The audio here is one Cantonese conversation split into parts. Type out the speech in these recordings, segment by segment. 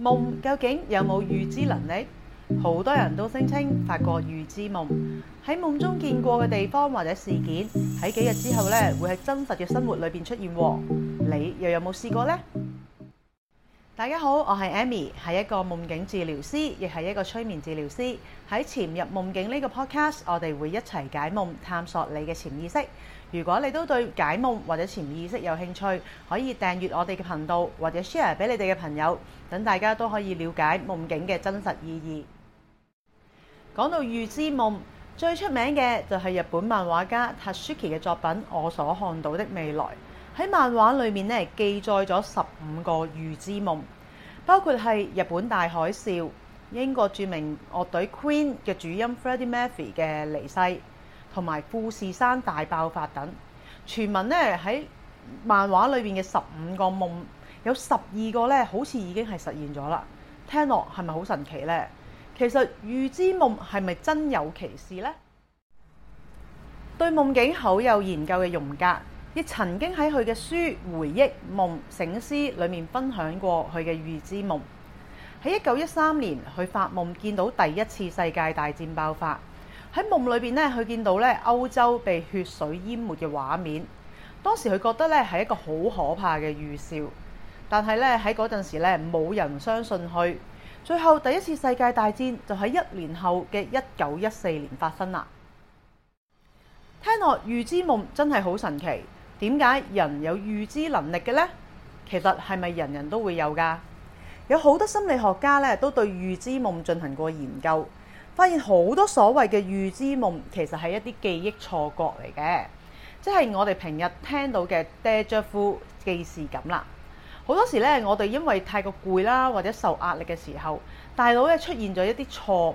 夢究竟有冇預知能力？好多人都聲稱發過預知夢，喺夢中見過嘅地方或者事件，喺幾日之後咧會喺真實嘅生活裏面出現喎。你又有冇試過呢？大家好，我係 Amy，係一個夢境治療師，亦係一個催眠治療師。喺潛入夢境呢個 podcast，我哋會一齊解夢，探索你嘅潛意識。如果你都對解夢或者潛意識有興趣，可以訂閱我哋嘅頻道，或者 share 俾你哋嘅朋友，等大家都可以了解夢境嘅真實意義。講到預知夢，最出名嘅就係日本漫畫家 Tatsuki 嘅作品《我所看到的未來》。喺漫畫裏面呢，記載咗十五個預知夢，包括係日本大海嘯、英國著名樂隊 Queen 嘅主音 Freddie Mercury 嘅離世，同埋富士山大爆發等。傳聞呢，喺漫畫裏面嘅十五個夢，有十二個呢好似已經係實現咗啦。聽落係咪好神奇呢？其實預知夢係咪真有其事呢？對夢境好有研究嘅榮格。佢曾經喺佢嘅書《回憶夢省思》裏面分享過佢嘅預知夢。喺一九一三年，佢發夢見到第一次世界大戰爆發。喺夢裏邊咧，佢見到咧歐洲被血水淹沒嘅畫面。當時佢覺得咧係一個好可怕嘅預兆，但係咧喺嗰陣時冇人相信佢。最後第一次世界大戰就喺一年後嘅一九一四年發生啦。聽落預知夢真係好神奇。點解人有預知能力嘅呢？其實係咪人人都會有噶？有好多心理學家咧都對預知夢進行過研究，發現好多所謂嘅預知夢其實係一啲記憶錯覺嚟嘅，即係我哋平日聽到嘅 Deja Vu 既視感啦。好多時咧，我哋因為太過攰啦，或者受壓力嘅時候，大腦咧出現咗一啲錯誤，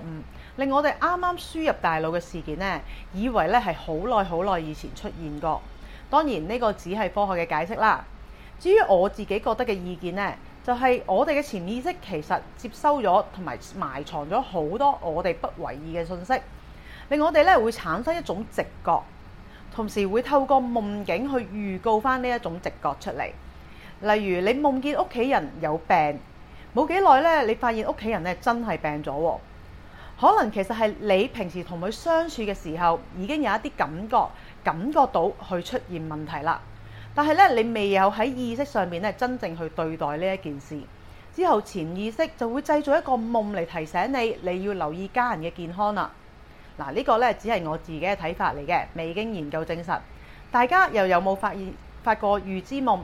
令我哋啱啱輸入大腦嘅事件呢，以為咧係好耐好耐以前出現過。當然，呢個只係科學嘅解釋啦。至於我自己覺得嘅意見呢，就係我哋嘅潛意識其實接收咗同埋埋藏咗好多我哋不為意嘅信息，令我哋咧會產生一種直覺，同時會透過夢境去預告翻呢一種直覺出嚟。例如你夢見屋企人有病，冇幾耐呢，你發現屋企人呢真係病咗，可能其實係你平時同佢相處嘅時候已經有一啲感覺。感覺到去出現問題啦，但係咧你未有喺意識上面咧真正去對待呢一件事，之後潛意識就會製造一個夢嚟提醒你，你要留意家人嘅健康啦。嗱、這個，呢個咧只係我自己嘅睇法嚟嘅，未經研究證實。大家又有冇發現發過預知夢？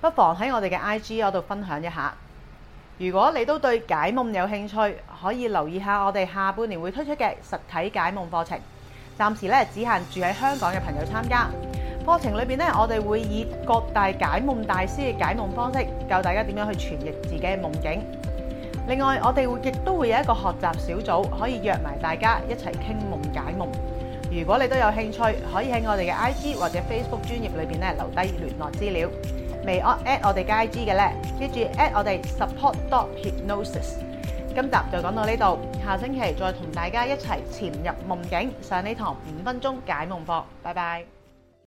不妨喺我哋嘅 IG 嗰度分享一下。如果你都對解夢有興趣，可以留意下我哋下半年會推出嘅實體解夢課程。暫時咧只限住喺香港嘅朋友參加，課程裏邊咧，我哋會以各大解夢大師嘅解夢方式，教大家點樣去傳譯自己嘅夢境。另外，我哋會亦都會有一個學習小組，可以約埋大家一齊傾夢解夢。如果你都有興趣，可以喺我哋嘅 IG 或者 Facebook 專頁裏邊咧留低聯絡資料，未 at 我哋嘅 IG 嘅咧，記住 at 我哋 support.hypnosis。今集就講到呢度，下星期再同大家一齊潛入夢境，上呢堂五分鐘解夢課，拜拜。